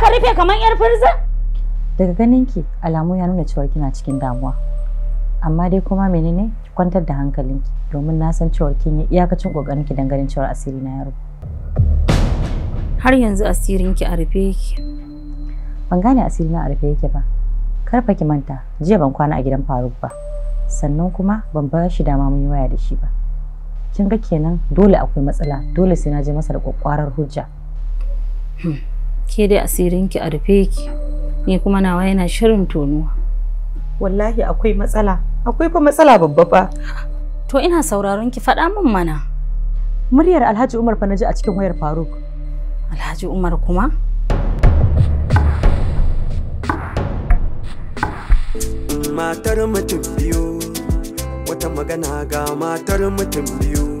ka rufe kamar yar firza? Daga ganin ki alamu ya nuna cewa kina cikin damuwa. Amma dai kuma menene ki kwantar da hankalinki domin na san cewa kin yi iyakacin kokarin ki dangane cewa asiri na yaro. Har yanzu asirin ki a rufe yake. Ban gane asiri na a rufe yake ba. Karfa ki manta, jiya ban kwana a gidan Faruk ba. Sannan kuma ban ba shi dama mun yi waya da shi ba. Kin ga kenan dole akwai matsala, dole sai na je masa da kwakwarar hujja. Hmm. ke dai ki a rufe ki ni kuma nawa yana shirin tonuwa wallahi akwai matsala akwai fa matsala babba fa to ina sauraron ki faɗa min mana muryar alhaji umar fa naji a cikin wayar faruk alhaji umar kuma matar mutum biyu wata magana ga matar mutum biyu